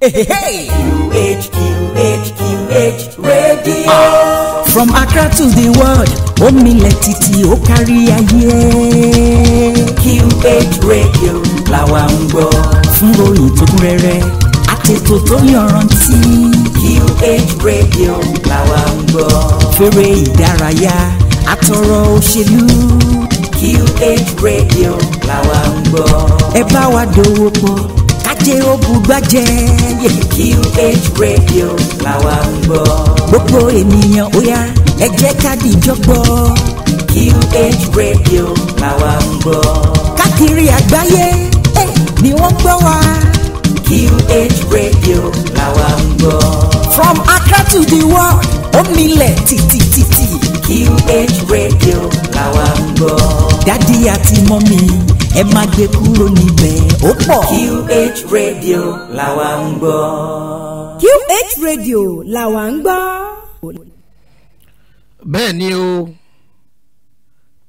QH, QH, QH Radio. From Accra to the world, omilẹ̀ títí ó kárí ayé. QH Radio làwa ń gbọ́. Fún oyin tó kún rẹ́rẹ́, àtètò tó yọrantí. QH Radio làwa ń gbọ́. Fèrè ìdárayá, àtọ̀rọ̀ òṣèlú. QH Radio làwa ń gbọ́. Ẹ bá wa dòwò pọ̀ ajé ó bugbájẹ́. QH radio làwa ń gbọ́. gbogbo ènìyàn ó yá ẹ jẹ́ ká dìjọ́ gbọ́. QH radio làwa ń gbọ́. káàkiri àgbáyé ni wọ́n gbọ́ wa. QH radio làwa ń gbọ́. from Accra to the world ó milẹ̀ tìtìtìtì. QH radio làwa ń gbọ́. dádì àti mọ́mí ẹ má gbé kúrò níbẹ̀ ó pọ̀. QH radio làwa ń gbọ́. QH radio làwa ń gbọ́. bẹ́ẹ̀ ni o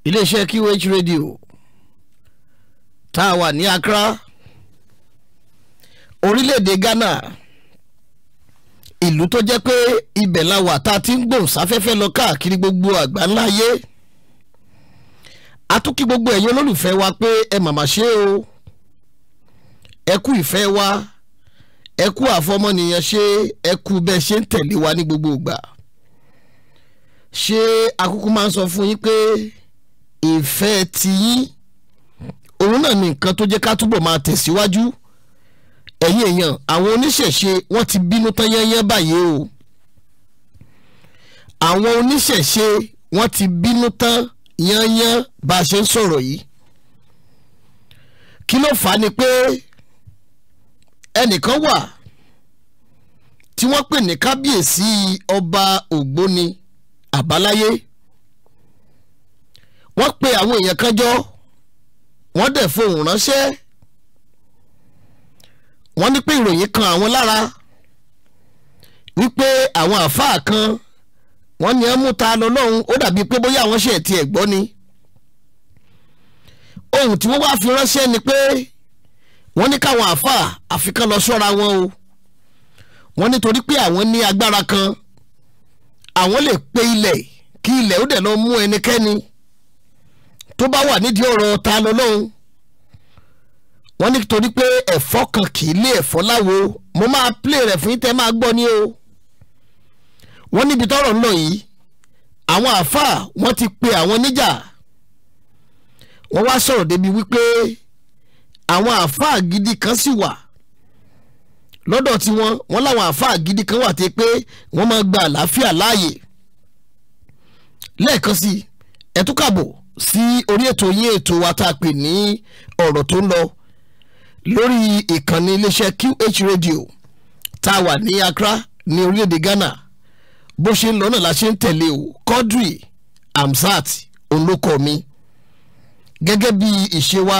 iléeṣẹ́ QH radio tá a wà ní Accra orílẹ̀-èdè Ghana ìlú tó jẹ́ pé ibẹ̀ la wà tá a ti ń gbòòn sáfẹ́fẹ́ lọ káàkiri gbogbo àgbáńlá ayé a tún kí gbogbo ẹ̀yin olólùfẹ́ wa pé ẹ màmá ṣe o ẹ kú ìfẹ́ wa ẹ kú àfọmọ́nìyàn ṣe ẹ kú bẹ́ẹ̀ ṣe ń tẹ̀lé wa ní gbogbo ìgbà ṣé akúkú máa ń sọ fún yín pé ìfẹ́ tiyín òun náà ni nǹkan tó jẹ́ ká túbọ̀ máa tẹ̀síwájú. Si ẹ̀yin èèyàn àwọn oníṣẹ̀ṣe wọ́n ti bínú tán yányán báyìí o àwọn oníṣẹ̀ṣe wọ́n ti bínú tán yányán bá a ṣe ń sọ̀rọ̀ yìí kí ló fà á ni pé ẹnìkan wà tí wọ́n pè ní kábíyèsí ọba ògbóni àbáláyé wọ́n pe àwọn èèyàn kan jọ wọ́n dẹ̀ fohùn ránṣẹ́ wọ́n ní pé ìròyìn kan àwọn lára wípé àwọn àáfàá kan wọ́n ní ẹ mú ta lọ lọ́hùn ó dàbí pé bóyá àwọn ṣe tiẹ̀ gbọ́ ni ohun tí wọ́n wá fi ránṣẹ́ ni pé wọ́n ní káwọn àáfàá àfikán lọ sọ́ra wọn o wọ́n nítorí pé àwọn ní agbára kan àwọn lè pe ilẹ̀ kí ilẹ̀ ó dẹ̀ lọ mú ẹnikẹ́ni tó bá wà nídìí ọ̀rọ̀ ta lọ lọ́hùn wọ́n ní torí pé ẹ̀fọ́ kan kì í lé ẹ̀fọ́ láwo mo máa play rẹ̀ fún tẹ́ máa gbọ́ ni o wọ́n níbi tọ́rọ̀ ń lọ yìí àwọn àáfàá wọ́n ti pe àwọn níjà wọ́n wá sọ̀rọ̀ débi wípé àwọn àáfàá gidi kan sì wà lọ́dọ̀ tí wọ́n wọ́n láwọn àáfàá gidi kan wà tí pé wọ́n máa gba àlàáfíà láàyè lẹ́ẹ̀kan sí ẹ̀túnkàbọ̀ sí orí ètò yín ètò wa tá a pè ní ọ̀rọ̀ tó ń lọ lórí ìkànnì iléeṣẹ́ QH radio tá a wà ní Accra ní orílẹ̀-èdè Ghana bó ṣe ń lọ náà la ṣe ń tẹ̀lé o Quadri Hamzat olóko mi gẹ́gẹ́ bí ìṣe wa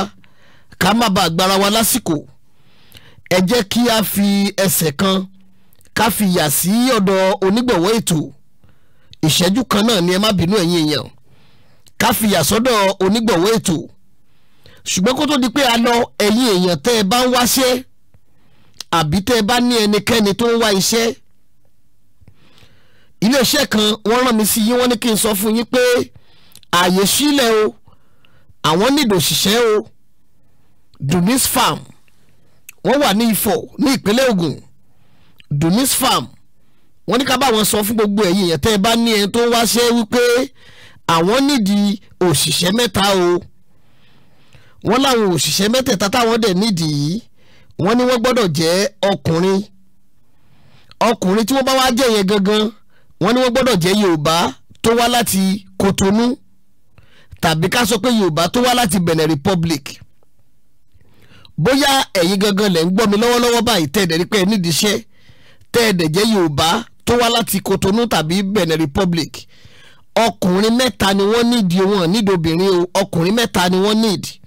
ká má bàa gbára wa lásìkò ẹ jẹ́ kí a fi ẹsẹ̀ kan ká fi yà sí ọ̀dọ̀ onígbọ̀wọ́ ètò ìṣẹ́jú kan náà ni ẹ má bínú ẹ̀yin èèyàn ká fi yà sọ́dọ̀ onígbọ̀wọ́ ètò ṣùgbọ́n kó tó di pé a lọ ẹ̀yin èèyàn tẹ́ ẹ bá ń wáṣẹ́ àbí tẹ́ ẹ bá ní ẹnikẹ́ni tó ń wá iṣẹ́ iléeṣẹ́ kan wọ́n rán mi sí yín wọ́n ní kí n sọ fún yín pé ààyè sílẹ̀ o àwọn nílò òṣìṣẹ́ o Dunis Farm wọ́n wà ní Ifọ̀ ní ìpínlẹ̀ Ògùn Dunis Farm wọ́n ní ká bá wọn sọ fún gbogbo ẹ̀yin èèyàn tẹ́ ẹ bá ní ẹni tó ń wáṣẹ́ wípé àwọn nídìí òṣìṣẹ́ mẹ́ta o. Ni wọ́n láwọn òṣìṣẹ́ mẹ́tẹ̀ẹ̀ta táwọn dẹ̀ nídìí yìí wọ́n ní wọ́n gbọ́dọ̀ jẹ́ ọkùnrin ọkùnrin tí wọ́n bá wá jẹ́ yẹn gangan wọ́n ní wọ́n gbọ́dọ̀ jẹ́ Yorùbá tó wá láti Kotonu tàbí ká sọ pé Yorùbá tó wá láti Benin Republic bóyá ẹ̀yin gangan lẹ̀ ń gbọ́ mi lọ́wọ́lọ́wọ́ báyìí tẹ́ ẹ̀dẹ̀ rí pé ẹ nídìí iṣẹ́ tẹ́ ẹ̀dẹ̀ jẹ́ Yorùbá tó wá láti Kotonu tàbí Benin Republic ọkùnrin mẹ́ta ni wọ́n nídìí wọn nídìí obìnrin o ọkùnrin mẹ́ta ni wọ́n nídìí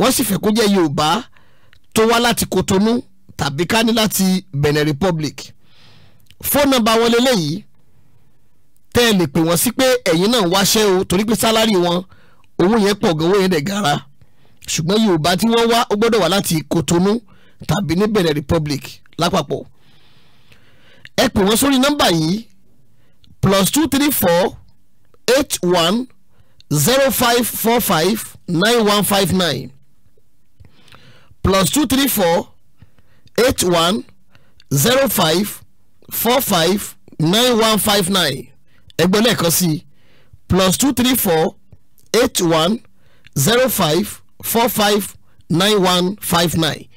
wọ́n sì fẹ́ kó jẹ́ Yorùbá tó wá láti Kotonu tàbí ká ní láti Benin Republic fóònù nọ́mbà wọn lélẹ́yìí tẹ́ ẹ lè pè wọ́n sí pé ẹ̀yin náà ń wáṣẹ́ o torí pé sálárì wọn owó yẹn pọ̀ gan owó yẹn dẹ̀ gara ṣùgbọ́n Yorùbá tí wọ́n wá ó gbọ́dọ̀ wá láti Kotonu tàbí ní Benin Republic lápapọ̀ ẹ pè wọ́n sórí nọ́mbà yìí plus two three four eight one zero five four five nine one five nine plus two three four eight one zero five four five nine one five nine ẹgbẹ́ lẹ́ẹ̀kan sí plus two three four eight one zero five four five nine one five nine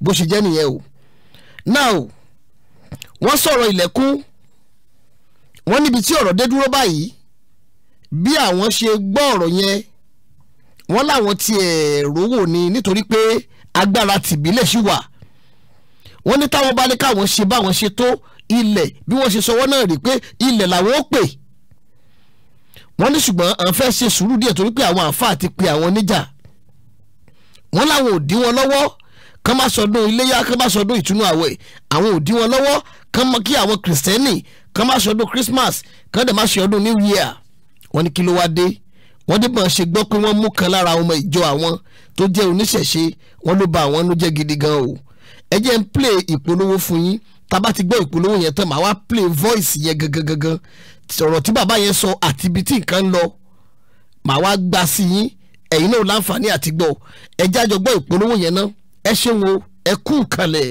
bó ṣe jẹ́ nìyẹn o now wọ́n sọ̀rọ̀ ilẹ̀kùn wọ́n níbi tí ọ̀rọ̀ dé dúró báyìí bí àwọn ṣe gbọ́ ọ̀rọ̀ yẹn wọ́n láwọn tiẹ̀ rówó ni nítorí pé agbára tìbílẹ̀ ṣì wà wọ́n ní táwọn bá ní káwọn ṣe báwọn ṣe tó ilẹ̀ bí wọ́n ṣe sọwọ́ náà rí pé ilẹ̀ làwọn ó pè wọ́n ní ṣùgbọ́n à ń fẹ́ ṣe sùúrù díẹ̀ torí pé àwọn àáfàá ti pe àwọn níjà wọ́n láwọn ò dí wọn lọ́wọ́ kán má sọdún iléyá kán má sọdún ìtúnú àwẹ̀ àwọn ò dí wọn lọ́wọ́ kán kí àwọn kìrìsìtẹ́nì kán má sọdún Christmas kán dẹ̀ má ṣe ọdún New Year wọ́n ní kí ló wá dé wọ́n dé bọ́n ṣe gbọ́ pé wọ́n mú kan lára ọmọ ìjọ àwọn tó jẹ́ oníṣẹ̀ṣe wọ́n ló ba àwọn ló jẹ́ gidi gan o ẹ jẹ́ ń plé ìpolówó fún yín tá a bá ti gbọ́ ìpolówó yẹn tán màá wá plé voice yẹn gangan gangan ọ̀rọ̀ tí bàbá yẹn sọ àti ibi tí nǹkan ń lọ màá wá gbà sí yín ẹ̀yin náà láǹfààní àti gbọ́ ẹ jájọ gbọ́ ìpolówó yẹn náà ẹ ṣeun o ẹ kú kalẹ̀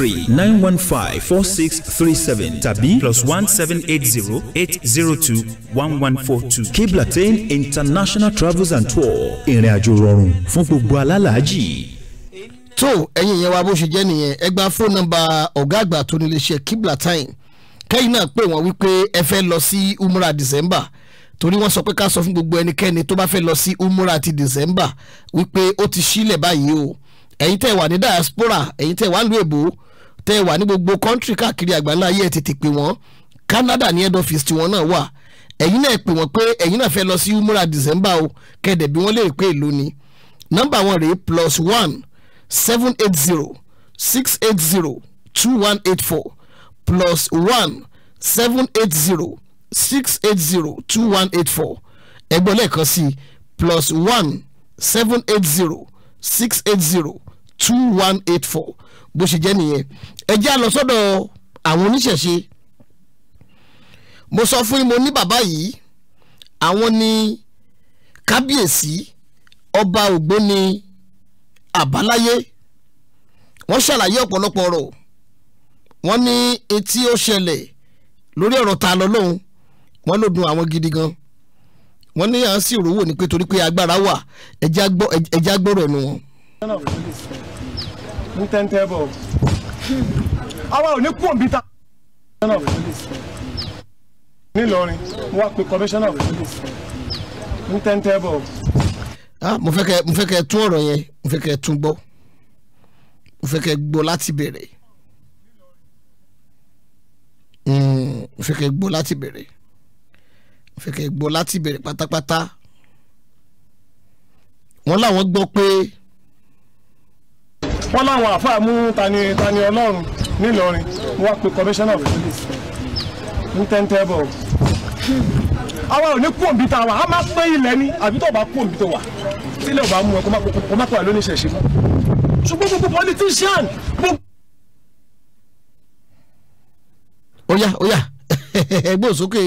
three nine one five four six three seven Tabi plus one seven eight zero eight zero two one one four two. Kiblatain International Travels and Tour ìrìn àjò rọrùn fún gbogbo alálàájì. tó ẹ̀yin yẹn wa bó ṣe jẹ́ nìyẹn ẹ gba fóònù nọ́mbà ọ̀gá àgbà tó nílé iṣẹ́ Kiblatain kẹ́yìn náà pè wọ́n wípé ẹ fẹ́ lọ sí umrah December torí wọ́n sọ pé ká sọ fún gbogbo ẹnikẹ́ni tó bá fẹ́ lọ sí umura ti December wípé ó ti sílẹ̀ báyìí o ẹ̀yin tẹ́ wà ní diaspora ẹ̀yin tẹ́ wà nílùú èbó tẹ́ ẹ wà ní gbogbo kọ́ńtírì káàkiri àgbáńlá ayé ẹ tètè pè wọ́n Canada ní head office tiwọn náà wà ẹ̀yin náà pè wọ́n pé ẹ̀yin náà fẹ́ lọ sí umura December o kẹ̀dẹ̀ bí wọ́n lè pé ìlú ni nọ́mbà wọn rèé plus one seven eight zero six eight zero two one eight four plus one seven eight zero six eight zero two one eight four ẹgbọ́n lẹ́ẹ̀kan sí plus one seven eight zero six eight zero two one eight four bó ṣe jẹ́ nìyẹn ẹ jẹ́ àlọ́ sọ́dọ̀ àwọn oníṣẹ̀ṣe mo sọ fún yín mo ní bàbá yìí àwọn ni kábíyèsí ọba ògbóni àbáláyé wọ́n ṣàlàyé ọ̀pọ̀lọpọ̀ ọ̀rọ̀ wọ́n ní etí ó ṣẹlẹ̀ lórí ọ̀rọ̀ ta lọ lóhun wọ́n ló dùn àwọn gidi gan wọ́n ní à ń sì rówó ni pé torí pé agbára wà ẹ̀já gbọ́rọ̀ ẹnu wọn ń tẹ́ntẹ́ bọ̀ àwa ò ní kú òǹbí ta. nílọrin mo wá pe commissioner of police ń tẹ́ntẹ́ bọ̀. mo fẹ́ kẹ́ mo fẹ́ kẹ́ tún ọ̀rọ̀ yẹn mo fẹ́ kẹ́ tún gbọ́ mo fẹ́ kẹ́ gbọ́ láti bẹ̀rẹ̀ hmm, mo fẹ́ kẹ́ gbọ́ láti bẹ̀rẹ̀ mo fẹ́ kẹ́ gbọ́ láti bẹ̀rẹ̀ pátápátá wọ́n láwọn gbọ́ pé. Pe wọ́n láwọn àfáà mú tani tani ọlọ́run nílọrin wọ́n pe commissioner of police ní tẹ́ntẹ́bọ̀ àwa ò ní kóòmù tá a wà á máa pé ilẹ̀ ni àbí tó bá kóòmù tó wà sílẹ̀ ò bá mú ẹ kó má pè wá lónìí ṣẹ̀ṣẹ̀ mọ́ ṣùgbọ́n gbogbo politician Oya oya yá ó yá ẹgbẹ́ òsókè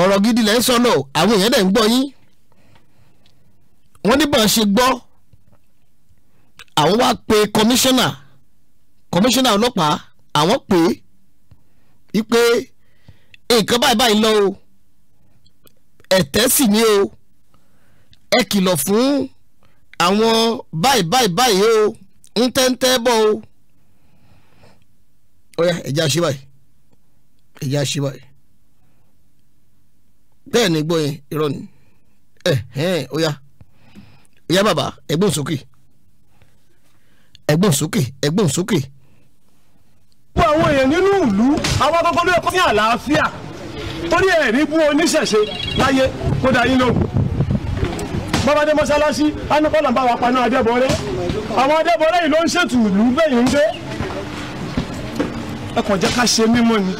ọ̀rọ̀ gidi lẹ́ ń sọ náà àwọn èèyàn dẹ̀ ń gbọ́ yín wọ́n ní ṣe gbọ́ àwọn wá pe kọmíṣánná kọmíṣánná ọlọ́pàá àwọn pè é wípé nǹkan báyìí báyìí lọ o ẹ̀tẹ́ sì ni o ẹ kìlọ̀ fún àwọn báyìí báyìí báyìí o ń tẹ́ńtẹ́ bọ̀ o ọ̀yà ẹ̀já ṣe báyìí ẹ̀já ṣe báyìí bẹ́ẹ̀ ni gbọ́ yẹn irọ́ ni ẹ̀hẹ́n ọ̀yà ọ̀yà bàbá ẹ̀gbọ́n sókè ẹgbọ́n sókè ẹgbọ́n sókè. gbogbo àwọn èèyàn nínú ìlú àwọn akọkọ ló yẹ kó ní àlàáfíà torí ẹ̀ ní bú oníṣẹ̀ṣe láyé kó dá yín lóhùn bàbá dé mọ́ṣáláṣí anukọ́là ń bá wa paná adébọ̀rẹ́ àwọn adébọ̀rẹ́ yìí ló ń ṣètò ìlú bẹ́yìn ń dé ẹ kàn jẹ́ ká ṣe mímọ́ ni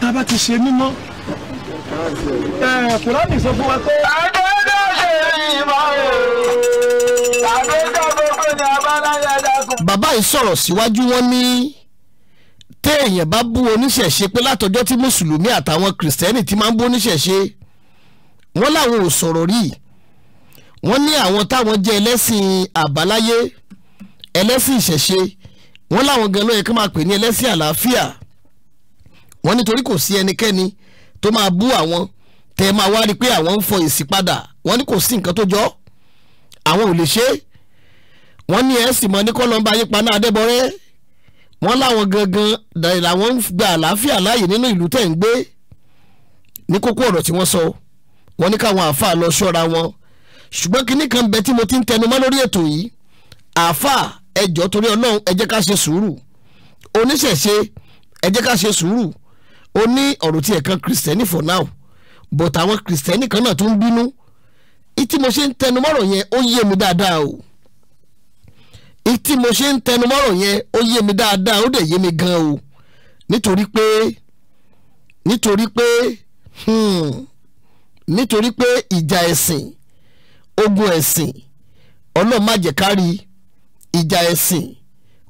tá a bá ti ṣe mímọ́ ẹ kùránì sọ fún wa pé. àdéhùn ṣe ìmọ̀ rẹ̀ àdéhùn bàbá yìí sọ̀rọ̀ síwájú wọn ní téèyàn bá bú oníṣẹ̀ṣe pé látọjọ́ tí mùsùlùmí àtàwọn kìrìsìtẹ́nì ti máa ń bú oníṣẹ̀ṣe wọ́n làwọn ò sọ̀rọ̀ rí wọ́n ní àwọn táwọn jẹ́ ẹlẹ́sìn àbáláyé ẹlẹ́sìn ìṣẹ̀ṣe wọ́n làwọn gan ló yẹ kí wọ́n máa pè ní ẹlẹ́sìn àlàáfíà wọ́n nítorí kò sí ẹnikẹ́ni tó máa bú àwọn tẹ́ máa wá rí i pé àwọn ń fọ èsì padà wọ́n ní kò sí nǹkan tó jọ àwọn ò lè ṣe é wọ́n ní ẹ̀sìn mọ́ ní kọ́lọ́mbà yípa náà adébọ̀rẹ́ wọ́n láwọn gangan làwọn ń gba àlàáfíà láàyè nínú ìlú tẹ̀ ń gbé ní kókó ọ̀rọ̀ tí wọ́n sọ wọ́n ní káwọn àáfàá lọ ṣọ́ra wọn ṣùgbọ́n kinní kan bẹ tí mo ti ń tẹnumọ́ lórí ètò yìí àáfàá ẹ jọ̀ọ́ torí ọlọ́run ẹ jẹ́ ká ṣe sùúrù oníṣẹ̀ṣe ẹ jẹ́ ká ṣe sùúrù ó ní ọ̀rọ̀ tí ẹ̀kan kìrìsìtẹ́nì for now but àwọn kìrìsìtẹ́nì kan náà tó ń bínú ìtí mo ṣe ń tẹnumọ́rọ̀ yẹn ó yé mi dáadáa o. tí mo ṣe ń tẹnumọ́rọ̀ yẹn ó yé mi dáadáa ó dẹ̀ yé mi gan o nítorí pé nítorí pé hmm, nítorí pé ìjà ẹ̀sìn ogun ẹ̀sìn ọlọ́run má jẹ́ kárí ìjà ẹ̀sìn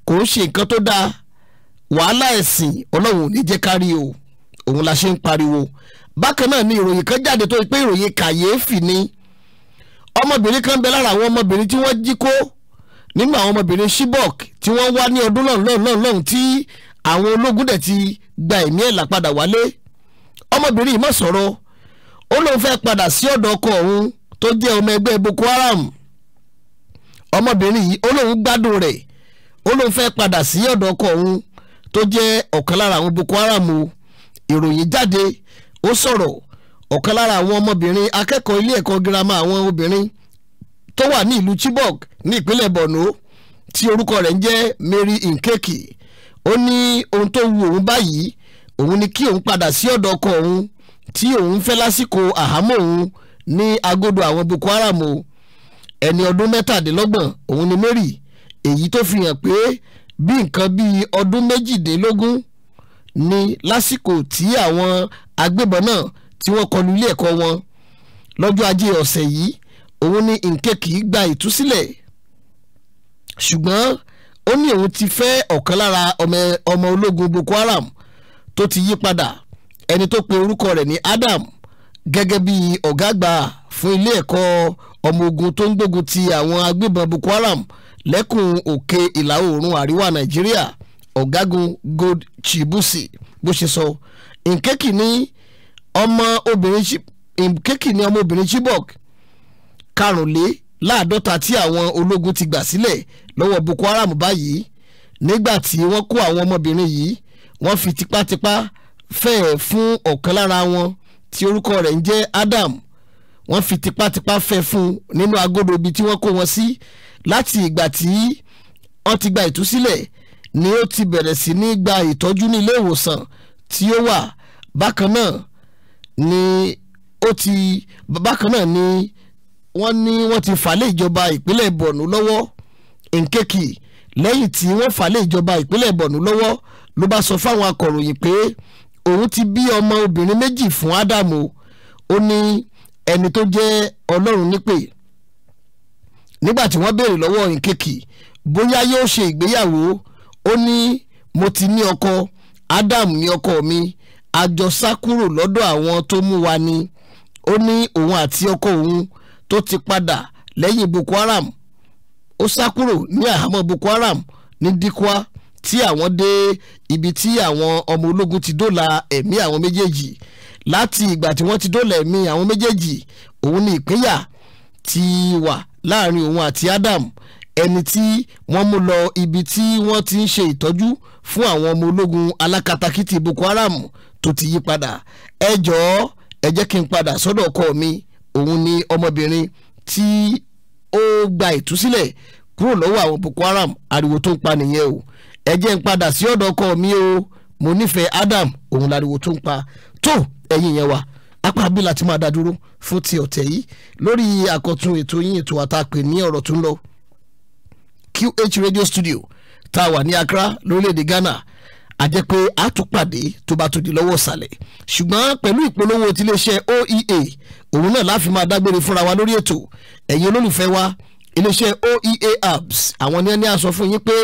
kò ń ṣe nǹkan tó dáa wàhálà ẹ̀sìn ọlọ́run ò ní jẹ́ kárí o òun la ṣe ń pariwo bákan náà ni ìròyìn kan jáde tó pé ìròyìn kàyéfì ni ọmọbìnrin kan bẹ lára àwọn ọmọbìnrin tí wọ́n jí kó nínú àwọn ọmọbìnrin shibok, tí wọ́n wá ní ọdún lọ́nlọ́nlọ́n tí àwọn ológun dẹ̀ ti gba ẹ̀mí ẹ̀ là padà wálé ọmọbìnrin yìí má sọ̀rọ̀ ó lóun fẹ́ padà sí ọ̀dọ̀ ọkọ òun tó jẹ́ ọmọ ẹgbẹ́ Boko Haram ọmọbìnrin yìí ó lóun gbádùn rẹ̀ ó lóun fẹ́ padà sí ọ̀dọ̀ ọkọ òun tó jẹ́ ọ̀kan lára àwọn Boko Haram o ìròyìn jáde ó sọ̀rọ̀ ọ̀kan lára àwọn ọmọbìnrin akẹ́kọ̀ọ́ ilé ẹ̀kọ́ girama àwọn obìnrin tó wà ní ìlú Chibok ní ìpínlẹ̀ Borno tí orúkọ rẹ̀ ń jẹ́ Mary Nkeki ó ní ohun tó wu òun báyìí òun ni kí òun padà sí ọ̀dọ̀ ọkọ òun tí òun fẹ́ lásìkò àhámọ́ òun ní agodo àwọn Boko Haram o ẹni ọdún mẹ́tàdínlọ́gbọ̀n òun ni Mary èyí tó fi hàn pé bí nǹkan bíi ọdún méjìdínlógún ni lásìkò tí àwọn agbébọn náà tí wọ́n kọlu ilé ẹ̀kọ́ wọn lọ́jọ́ ajé ọ̀sẹ̀ yìí òun ni nké kì í gba ìtúsílẹ̀ ṣùgbọ́n ó ní òun ti fẹ́ ọ̀kan lára ọmọ ológun Boko Haram tó ti yí padà ẹni tó pe orúkọ rẹ̀ ní Adam gẹ́gẹ́ bí ọ̀gá àgbà fún ilé ẹ̀kọ́ ọmọ ogun tó ń gbógun ti àwọn agbébọn Boko Haram lẹ́kùn òkè ìlà oòrùn àríwá Nàìjíríà ọ̀gágun Gold Chibusi bó ṣe sọ nkeki ni ọmọ obìnrin nkeki ni ọmọ obìnrin Chibok karùnléláàádọ́ta tí àwọn ológun ti gbà sílẹ̀ lọ́wọ́ Boko Haram báyìí nígbà tí wọ́n kó àwọn ọmọbìnrin yìí wọ́n fi tipátipá fẹ́ fún ọ̀kan lára wọn tí orúkọ rẹ̀ ń jẹ́ Adam wọ́n fi tipátipá fẹ́ fún nínú agodo ibi tí wọ́n kó wọn sí láti ìgbà tí wọ́n ti gba ìtúsílẹ̀ ni ó ti bẹ̀rẹ̀ sí ní gba ìtọ́jú ní ilé ìwòsàn tí ó wà bákan náà ni ó ti bákan náà ni wọ́n ní wọ́n ti fà lé ìjọba ìpínlẹ̀ Borno lọ́wọ́ Nkeki lẹ́yìn tí wọ́n fà lé ìjọba ìpínlẹ̀ Borno lọ́wọ́ ló bá sọ fáwọn akọ̀ròyìn pé òun ti bí ọmọ obìnrin méjì fún Ádámù ó ní ẹni tó jẹ́ Ọlọ́run nípè nígbà tí wọ́n béèrè lọ́wọ́ Nkeki bóyá yóò ṣe ìgbéyàwó ó ní mo ti ní ọkọ Ádámù ní ọkọ mi àjọsá kúrò lọ́dọ̀ àwọn tó mú wa ni ó ní òun àti ọkọ òun tó ti padà lẹ́yìn Boko Haram ó sá kúrò ní àhámọ́ Boko Haram ní Dikwa tí àwọn dé ibi tí àwọn ọmọ ológun ti dóòlà ẹ̀mí àwọn méjèèjì láti ìgbà tí wọ́n ti dóòlà ẹ̀mí àwọn méjèèjì òun ni ìpínyà ti wà láàrin òun àti Adam ẹni tí wọ́n mú lọ ibi tí wọ́n ti ń ṣe ìtọ́jú fún àwọn ọmọ ológun alákatakítí Boko Haram tó ti yí padà ẹ jọ̀ọ́ ẹ jẹ́ kí n padà sọ́dọ̀ ọkọ mi òun ni ọmọbìnrin tí ó gba ìtúsílẹ̀ kúrò lọ́wọ́ àwọn Boko Haram ariwo tó ń pa nìyẹn o ẹ ń padà sí ọ̀dọ̀ ọkọ mi o mo nífẹ̀ẹ́ Adam òun lariwo tó ń pa tó ẹ̀yìn yẹn wa apá bí láti máa dá dúró fún ti ọ̀tẹ̀ yìí lórí àkọ́tún ètò yín ètò àtàpè ní ọ̀rọ̀ tó ń lọ QH Radio Studio tá a wà ní Accra lórílẹ̀‐èdè Ghana àjẹ́ pé àtúpàdé tó bá tún di lọ́wọ́ ìsàlẹ̀ ṣùgbọ́n pẹ̀lú ìpolówó tiléeṣẹ́ oea òun náà láfi máa dágbére fúnra wa lórí ètò ẹ̀yin olólùfẹ́ wa iléeṣẹ́ oea apps àwọn ní ẹni àsọ fún yín pé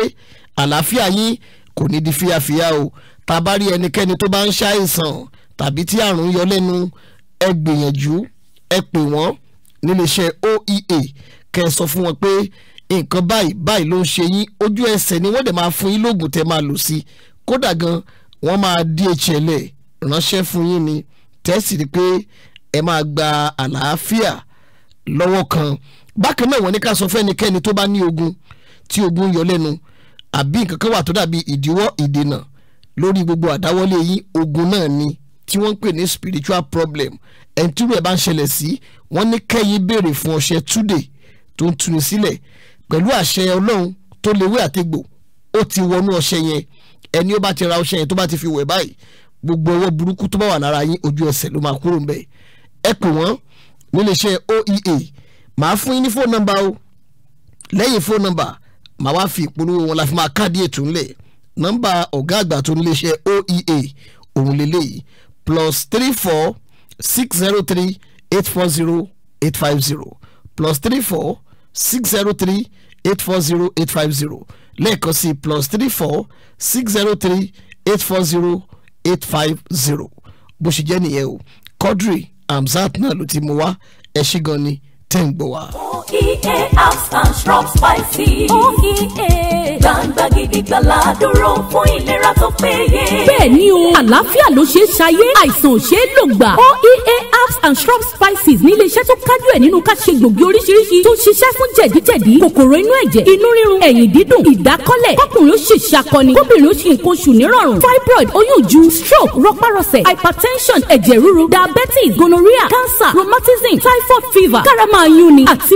àlàáfíà yín kò ní di fíafíà o tá a bá rí ẹnikẹ́ni tó bá ń ṣàìsàn tàbí tí àrùn ń yọ lẹ́nu ẹ gbìyànjú ẹ pè wọ́n níléeṣẹ́ oea kẹ́ ẹ sọ fún wọn pé nǹkan báyìí báyìí ló ń ṣe yín ojú ẹsẹ̀ ni wọ́n dẹ̀ máa fún yín lóògùn tẹ́ máa lò sí kódà gan wọ́n máa DHL ránṣẹ́ fún yín ni tẹ́sí ni pé ẹ máa gba àlàáfíà lọ́wọ́ kan bákan náà wọ́n ní ká sọ fẹ́nikẹ́ni tó bá ní ogun tí ogun yọ lẹ́nu àbí nǹkan kan wà tó dàbí ìdíwọ́ ìdènà lórí gbogbo àdáwọ́lé yín ogun náà ni tí wọ́n ń pè ní spiritual problem ẹni tí rẹ̀ bá ń ṣẹlẹ̀ sí wọ́n ní kẹ́yìn béèrè fún ọṣẹ túdè tó ń tuni sílẹ̀ pẹ̀lú àṣẹ ọlọ́run tó léwé àtegbò ó ti wọnú ọṣẹ yẹn ẹni ó bá ti ra ọṣẹ yẹn tó bá ti fi wẹ̀ báyìí gbogbo ọwọ́ burúkú tó bá wà lára yín ojú ẹsẹ̀ ló máa kúrò ńbẹ̀ ẹ pè wọ́n nílé iṣẹ́ oea màá fún yín ní fóònù nọ́mbà o lẹ́yìn fóònù nọ́mbà màá wá fi ìpolówó wọn la fi máa káàdì ètò ńlẹ̀ nọ́mbà ọ̀gá àgbà tó nílé iṣẹ́ oea òun lélẹ́yìí plus three four six zero three eight four zero eight five zero plus three four six zero three eight four zero eight five zero lẹ́ẹ̀kan sí plus three four six zero three eight four zero eight five zero bó ṣe jẹ́ nìyẹn o Quadri Hamzat náà ló ti mú wá ẹ̀ ṣí ni tẹ́ ń gbọ́ wá okie herbs and shrubs, spices. Oh, gbangba gidi gbala dúró fún ìlera tó péye. bẹ́ẹ̀ ni o àlàáfíà ló ṣe é ṣayé àìsàn ò ṣe é lò gbà. oie herbs and shrub spices ní iléeṣẹ́ tó kájú ẹ̀ nínú ká ṣe gbòógì oríṣiríṣi tó ṣiṣẹ́ fún jẹ̀díjẹ̀dí kòkòrò inú ẹ̀jẹ̀ inú rírun ẹ̀yìn dídùn ìdákọ́lẹ̀ kọkùnrin ó ṣe ṣàkọni kóbìnrin ó ṣe nǹkan oṣù nírọ̀rùn fibroid oyún ju stroke rọpárọsẹ̀ hypertension ẹ̀jẹ̀ diabetes gonorrhea cancer rheumatism typhoid fever karama ayuni àti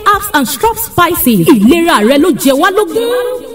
herbs and shrub spices ìlera rẹ ló jẹ wá lógún.